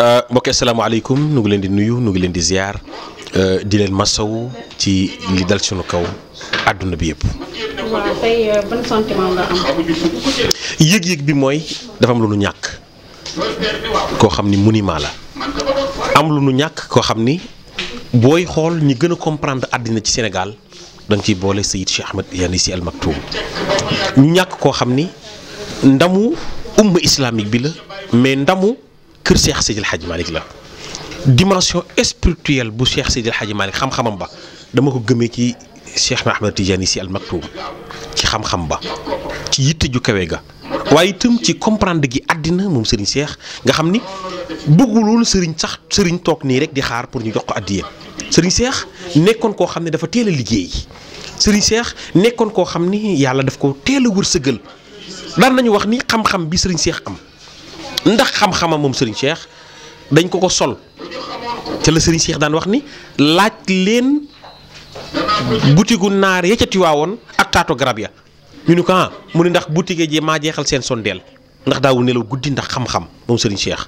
Euh, mbokk asalaamaaleykum nu ngi leen di nuyu nu ngi leen di ziar euh, di leen masawu ci li dal suñu kaw àdduna bi yépp waaw euh, yëg-yëg bi mooy dafa am lu nu ñàkk koo xam ni monument la am lu nu ñàkk koo xam ni booy xool ñi gën a comprendre àddina ci Sénégal. danga ciy boole Sayid Cheikh Ahmed Tidiane Sy Al Maktoum ñu ñàkk koo xam ni ndamu umma islamique bi la mais ndamu kër Cheikh Seydil Hadji Malick la dimension spirituelle bu Cheikh Seydil Hadji Malick xam-xamam ba dama ko gëmee ci Cheikh Ahmed Tidiane Sy Al Maktoum ci xam-xam ba ci yitte ju kawe ga waaye tëm ci comprendre gi àddina moom Serigne Cheikh nga xam ni bëggul woon Serigne sax Serigne toog nii rek di xaar pour ñu jox ko àddiya sëriñ seex nekkoon koo xam ne dafa teel a liggéey sëriñ Cheikh nekkoon koo xam ni yàlla daf ko teel a wërsëgal daan nañu wax ni xam-xam bi sëriñ seex am ndax xam-xamam moom sëriñ Cheikh dañ ko ko sol ca la sëriñ seex daan wax ni laaj leen butigu naar ya ca Tiwaawoon ak taatu garab ya ñu ni ko ah mu ni ndax butige ji maa jeexal seen sondeel ndax daawu nelaw guddi ndax xam-xam mom Serigne Cheikh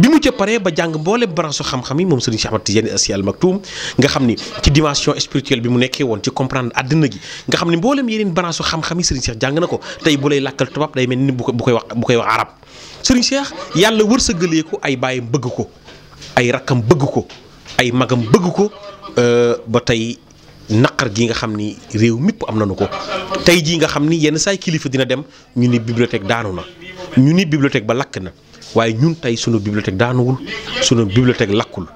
bi mu ci paré ba jang mbolé branche xam-xam mi mom Serigne Cheikh Ahmad Tidiane asial Maktoum nga xamni ni ci dimension spirituelle bi mu nekké won ci comprendre aduna gi nga xamni ni yeneen branche xam-xam mi Serigne Cheikh jang nako tay bu lay lakal tobab day melni bu koy wax arab Serigne Cheikh yalla lewur ko ay bayam bëgg ko ay rakam bëgg ko ay magam bëgg ko euh, ba nakar naqar gi nga xamni ni mipp mépp am nañu ko tey nga xamni yenn say kilifa dina dem ñu ni bibliothèque daanu na ñu ni bibliothèque ba lakk na waaye ñun tey sunu bibliothèque daanuwul sunu bibliothèque lakkul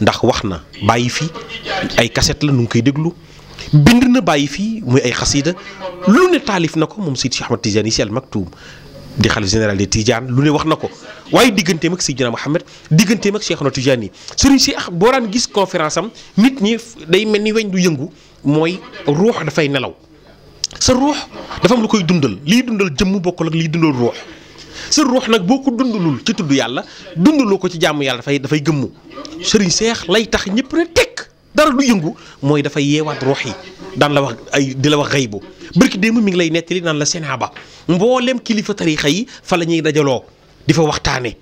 ndax wax na bàyyi fi ay cassette la nu ngi koy déglu bind na bàyyi fii muy ay xasiida lu ne taalif na ko moom si Cheikh Ahmad Tidiane Sy di xalif général de Tidiane lu ne wax na ko waaye digganteem ak Seydina Mohamed digganteem ak Cheikh na Tidiane yi Serigne Cheikh boo daan gis conférence am nit ñi day mel ni weñ du yëngu mooy ruux dafay nelaw sa ruux dafa am lu koy dundal liy dundal jëmm bokkul ak liy dundal ruux sa ruux nag boo ko dundalul ci tudd yàlla dundaloo ko ci jàmm yàlla dafay dafay gëmmu sëriñ seex lay tax ñëpp ne tekk dara du yëngu mooy dafay yeewaat ruux yi daan la wax ay di la wax xëy bu bërki démb mi ngi lay nettali daan la ba mbooleem kilifa tariixa yi fa la ñuy dajaloo di fa waxtaane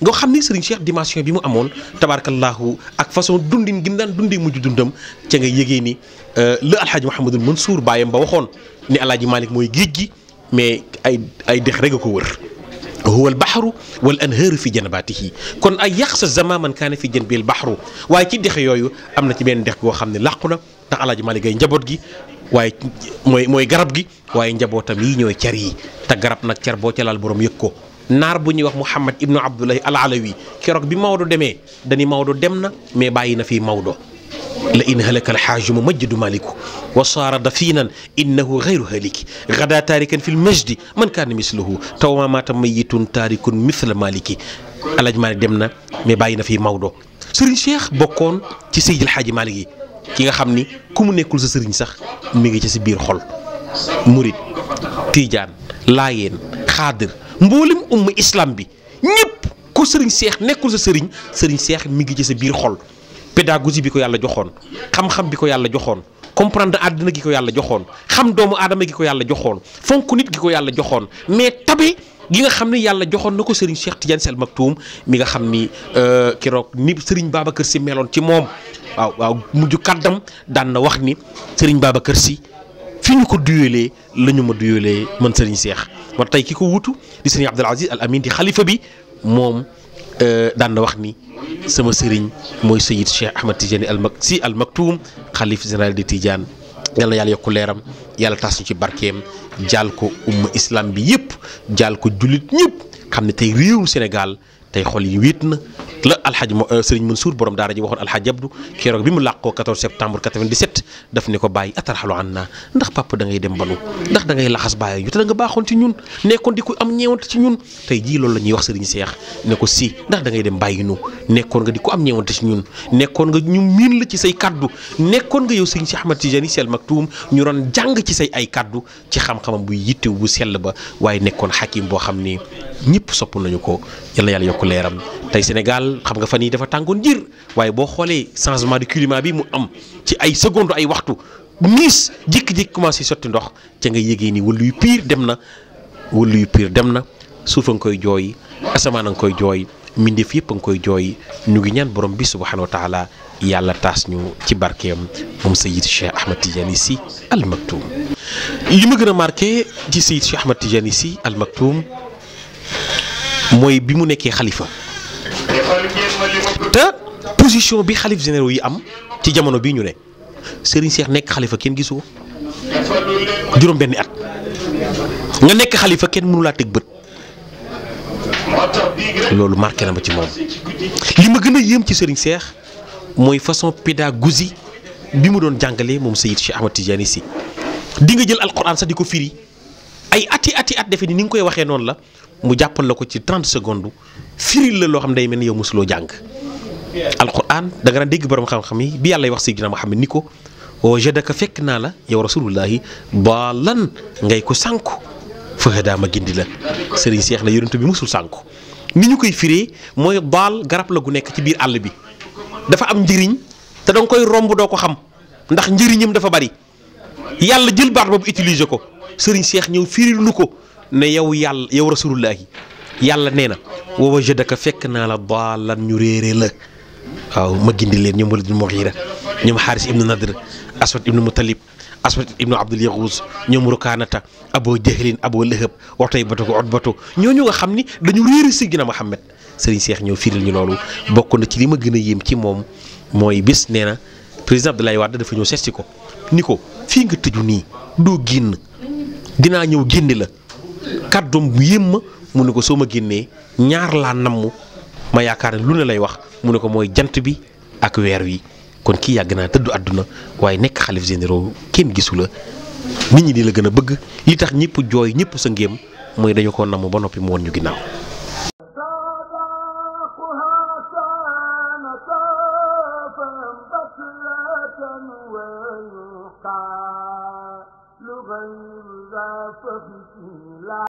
nga xam ni sëriñ Cheikh dimension bi mu amoon tabaarakallahu ak façon dundin gi mu daan mujj dundam ca nga yëgee ni euh, la alxaaji Mouhamadul Mansour bàyyam ba waxoon ni alaaji Malick mooy géej gi mais ay ay dex rek ko wër هو البحر والأنهار في جنباته kon ay yàq sa zama man kaane fi jën bil baxru waaye ci dex yooyu am na ci benn dex goo xam ne làqu na ndax alaaji Malick Gaye njaboot gi waaye mooy mooy garab gi waaye njabootam yi ñooy cer yi te garab nag cer boo ca laal borom yëg ko naar bu ñuy wax Mouhamad ibnu Abdullahi al Alawi keroog bi Maodo demee dañi Maodo dem na mais bàyyi na fii Maodo لئن هلك الحاجم مجد مالك وصار دفينا إنه غير هالك غدا تاركا في المجد من كان مثله توما مات ميت تارك مثل مالك الاج مالك دمنا مي باينا في موضوع سيرين شيخ بوكون تي سيد الحاج مالك كيغا خامني كومو نيكول سا سيرين صاح ميغي سي بير خول مريد تيجان لاين خادر مبولم ام اسلام بي نيب كو serigne شيخ nekul سرين serigne شيخ cheikh mi ngi pédagogie bi ko yàlla joxoon xam-xam bi ko yàlla joxoon comprendre àddina gi ko yàlla joxoon xam doomu aadama gi ko yàlla joxoon fonk nit gi ko yàlla joxoon mais tabe gi nga xam ne yàlla joxoon na ko Serigne Cheikh Tidiane seel Al Maktoum mi nga xam ni euh, keroog ni Serigne kër si meloon ci moom waaw waaw mujj kàddam daan na wax ni Serigne Babacar Sy fi ñu ko duyelee lañu ma duyelee man Serigne Cheikh ma tey ki ko wutu di Serigne Abdoul Al Amin di xalifa bi moom euh, daan wax ni. sama sëriñ mooy sayid Cheikh Ahmad Tidiane al Mak si al de Tidiane yal na yàlla yokku leeram yàlla taas ñu ci barkeem jaal ko umma islam bi yëpp jaal ko jullit ñëpp xam ne tey réewum Sénégal. tey xol yi wiit na la alxaj mo euh, sëriñ Mansour borom daara ji waxoon alxaj Abdu keroog bi mu làqoo 14 septembre 97 daf ne ko bàyyi atarxalu an naa ndax papa da dem balu ndax dangay ngay laxas bàyyi ñu te da nga baaxoon ci ñun nekkoon di ko am ñeewante ci ñun tey jii loolu la ñuy wax sëriñ Seex ne ko si ndax da ngay dem bàyyi ñu nekkoon nga di ko am ñeewante ci ñun nekkoon nga ñu miin la ci say kaddu nekkoon nga yow sëriñ si Ahmad Tijani Sel Maktoum ñu doon jàng ci say ay kàddu ci xam-xamam bu yittew bu sell ba waaye nekkoon xakim boo xam ne ñëpp sopp nañu ko yàlla yàlla yokk leeram tey Sénégal xam nga fa yii dafa tàngoon jir waaye boo xoolee changement de climat bi mu am ci ay seconde ay waxtu niis jékki-jékki commencé sotti ndox ca nga yégee ni wëllu yu piir dem na wëllu yu piir dem na suufa nga koy jooy asamaan a nga koy jooy mbindeef yëpp nga koy jooy ñu ngi ñaan borom bi subhanahu wa taala yàlla taas ñu ci barkeem moom Sayid Cheikh Ahmad Tidiane Sy Al Maktoum li ma gën a marqué ci Sayid Cheikh Ahmad Tidiane Sy Al mooy bi mu nekkee xalifa te position bi xalif généraux yi am ci jamono bii ñu ne Serigne Cheikh nekk xalifa kenn gisoo juróom benni at nga nekk xalifa kenn mënu laa teg bët loolu marqué na ma ci moom li ma gën a yéem ci Serigne seex mooy façon pédagogie bi mu doon jàngalee moom Seydi Cheikh Ahmad Tidiane Sy di nga jël alxuraan sax di ko firi ay ati ati at defe ni ni nga koy waxee noonu la mu jàppal la ko ci 30 secondes firil la loo xam ne day mel ni yow mosuloo jàng alquran da nga daan dégg borom xam-xam yi bi yàlla wax Seydina Muhammad ni ko wajadaka oh, fekk naa la yow rasulullahi daalan ngay ko sànku fa hadaa ma gindi la Serigne seex na yonent bi mosul sànku ni ñu koy firee mooy daal garab la gu nekk ci biir àll bi dafa am njëriñ te da koy romb doo ko xam ndax njëriñam dafa bari yàlla jël baat boobu utiliser ko Serigne Cheikh ñëw firil ko. ne yow yàlla yow rasulullah yàlla neena na wa wajadaka fekk naa la dalan ñu rere la waaw ma gindi len ñoom Walid muhira ñum haris ibn ibnu Nadr Aswad ibn Mutalib Aswad ibnu Abdul Yaxuus ñoom Rukaanata Abu Jahlin Abu Lahab waxtay batu ko otbatu ñooñu nga xamni dañu rere si gina Muhammad Serigne Cheikh ñëw firil ñu lolu bokku na ci li ma gëna yëm ci mom moy bis neena président Abdoulaye wad dafa ñëw sesti ko niko fi nga tëju ni do génn dina ñëw génne la. kàddoom bu yéem ma mu ne ko soo ma génnee ñaar laa namm ma yaakaar ne lu ne lay wax mu ne ko mooy jant bi ak weer wi kon kii yàgg naa tëddu àdduna waaye nekk xalif généraux kenn gisu la nit ñi di la gën a bëgg li tax ñëpp jooy ñëpp sa ngéem mooy dañu ko namm ba noppi mu woon ñu ginnaaw